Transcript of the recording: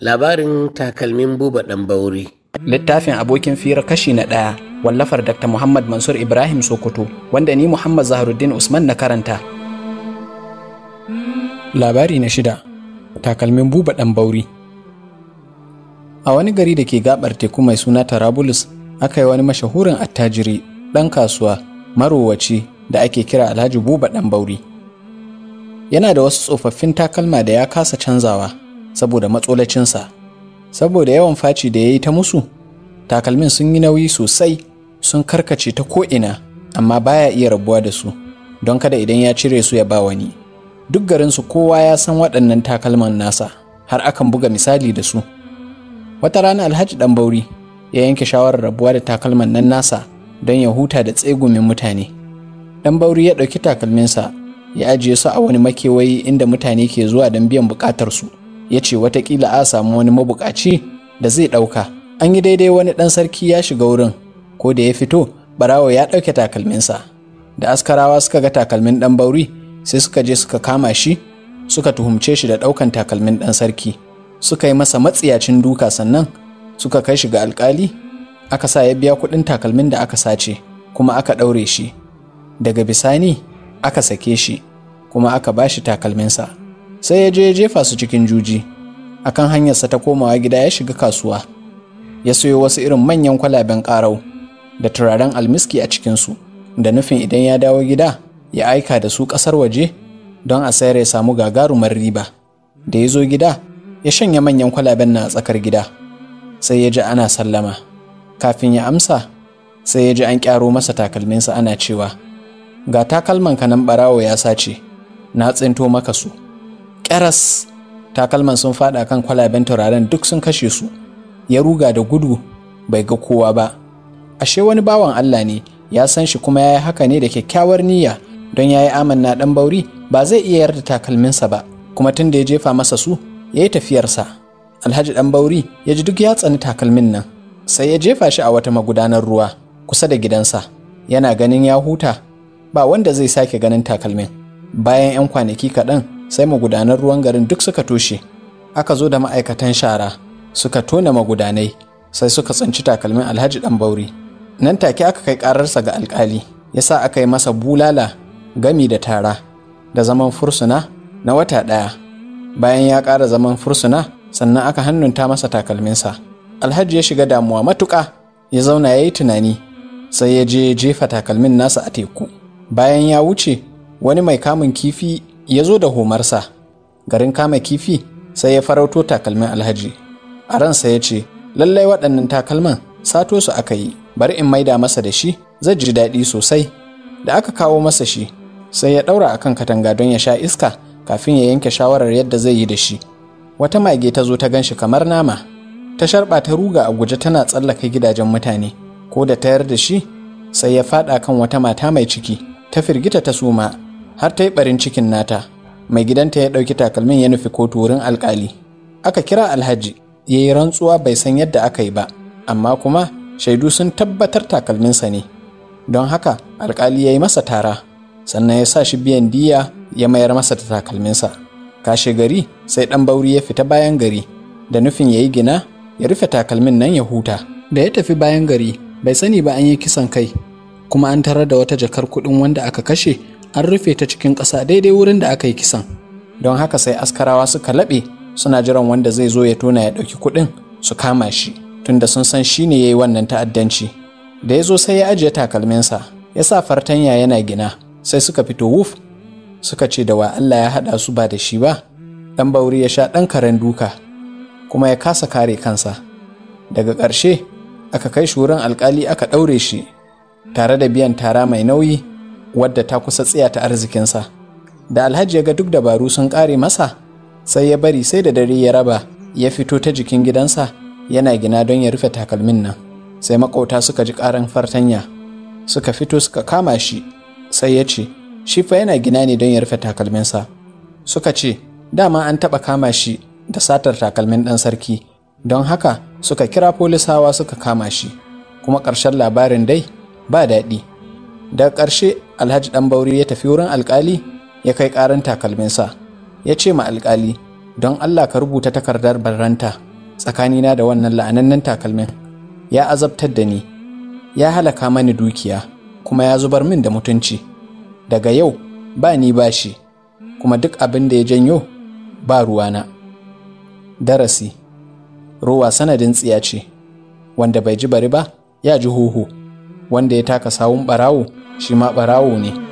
labarin takalmin buba ɗan bauri littafin abokin fira kashi na ɗaya wallafar dr muhammad mansur ibrahim sokoto wanda ni muhammad zaharuddin usman na karanta labari na shida takalmin buba ɗan bauri a wani gari da ke gabar teku mai suna tarabulus aka yi wani mashahurin attajiri ɗan kasuwa marowaci da ake kira alhaji buba ɗan bauri yana da wasu tsofaffin takalma da ya kasa canzawa saboda matsolacinsa saboda yawan faci da ya yi ta musu takalmin sun yi nauyi sosai sun karkace ta ko'ina amma baya iya rabuwa da su don kada idan ya cire su ya ba wani duk garinsu kowa ya san waɗannan takalman nasa har akan buga misali da su wata rana alhaji dan bauri ya yanke shawarar rabuwa da takalman nan nasa don ya huta da tsegumin mutane dan bauri ya ɗauki takalminsa ya ajiye su a wani makewayi inda mutane ke zuwa don biyan buƙatarsu ya ce watakila a samu wani mabukaci da zai ɗauka an yi daidai wani ɗan sarki ya shiga wurin ko da ya fito barawo ya ɗauke takalminsa da askarawa suka ga takalmin ɗan bauri sai suka je suka kama shi suka tuhumce shi da ɗaukan takalmin ɗan sarki suka yi masa matsiyacin duka sannan suka kai shi ga alkali aka sa ya biya kuɗin takalmin da aka sace kuma aka ɗaure shi daga bisani aka sake shi kuma aka ba shi takalminsa sai ya je ya jefa su cikin juji akan hanyarsa ta komawa gida ya shiga kasuwa ya sayo wasu irin manyan kwalaben ƙarau da turaren almiski a cikinsu da nufin idan ya dawo gida ya aika da su ƙasar waje don a sayar ya samu gagarumar riba da ya zo gida ya shanya manyan kwalaben na tsakar gida sai ya ji ana sallama kafin ya amsa sai ya ji an kyaro masa takalminsa ana cewa ga takalman kanan ɓarawo ya sace na tsinto maka su ƙyaras takalman sun faɗa kan kwalaben turaren duk sun kashe su ya ruga da gudu bai ga kowa ba ashe wani bawan Allah ne ya san shi kuma ya yi haka ne da kyakkyawar niyya don ya yi amanna ɗan bauri ba zai iya yarda takalminsa ba kuma tun da ya jefa masa su ya yi tafiyarsa alhaji ɗan bauri ya ji duk ya tsani takalmin nan sai ya jefa shi a wata magudanar ruwa kusa da gidansa yana ganin ya huta ba wanda zai sake ganin takalmin bayan 'yan kwanaki kaɗan sai magudanan ruwan garin duk suka toshe aka zo da ma'aikatan shara suka tona magudanai sai suka tsinci takalmin alhaji dan bauri nan take aka kai ƙararsa ga alkali sa aka yi masa bulala gami da tara da zaman fursuna na wata ɗaya bayan ya ƙara zaman fursuna sannan aka hannunta masa takalminsa alhaji ya shiga damuwa matuƙa ya zauna ya yi tunani sai ya je jefa takalmin nasa a teku bayan ya wuce wani mai kamun kifi ya zo da homarsa garin kama kifi sai ya farauto takalmin alhaji a ransa ya ce lallai waɗannan takalman sato su aka yi bari in maida masa da shi zai ji daɗi sosai da aka kawo masa shi sai ya ɗaura akan katanga don ya sha iska kafin ya yanke shawarar yadda zai yi da shi wata mage ta zo ta gan shi kamar nama ta sharɓa ta ruga a guje tana tsallaka gidajen mutane ko da tayar da shi sai ya faɗa kan wata mata mai ciki ta firgita ta suma har ta yi ɓarin cikin nata mai gidanta ya ɗauki takalmin ya nufi kotu wurin alkali aka kira alhaji ya yi rantsuwa bai san yadda aka yi ba amma kuma shaidu sun tabbatar takalminsa ne don haka alkali ya yi masa tara sannan ya sa shi biyan diya ya mayar masa da takalminsa kashe gari sai ɗan bauri ya fita bayan gari da nufin ya yi gina ya rufe takalmin nan ya huta da ya tafi bayan gari bai sani ba an yi kisan kai kuma an tarar da wata jakar kuɗin wanda aka kashe an rufe ta cikin ƙasa daidai wurin da aka yi kisan don haka sai askarawa suka laɓe suna jiran wanda zai zo ya tona ya ɗauki kuɗin su kama shi tunda sun san shi ne ya yi wannan ta'addanci da ya zo sai ya ajiye takalminsa ya sa fartanya yana gina sai suka fito wuf suka ce da wa Allah ya haɗa su ba da shi ba ɗan bauri ya sha ɗan karen duka kuma ya kasa kare kansa daga ƙarshe aka kai shi wurin alƙali aka ɗaure shi tare da biyan tara mai nauyi wadda ta kusa tsaya ta arzikinsa da alhaji ya ga duk dabaru sun ƙare masa sai ya bari sai da dare ya raba ya fito ta jikin gidansa yana gina don ya rufe takalmin nan sai makauta suka ji ƙaran fartanya suka fito suka kama shi sai ya ce shi fa yana gina ne don ya rufe takalminsa suka ce dama an taɓa kama shi da satar takalmin ɗan sarki don haka suka kira folisawa suka kama shi kuma ƙarshen labarin dai ba daɗi daga ƙarshe alhaji dan bauri ya tafi wurin alkali ya kai karan takalminsa ya ce ma alkali don allah ka rubuta takardar barranta tsakanina da wannan la'anannen takalmin ya azabtar da ni ya halaka mani dukiya kuma ya zubar min da mutunci daga yau ba ni bashi, kuma duk abin da ya janyo ba ruwana darasi ruwa sanadin tsiya ce wanda bai ji bari ba ya ji huhu wanda ya taka sawun ɓarawo shi ma ɓarawo ne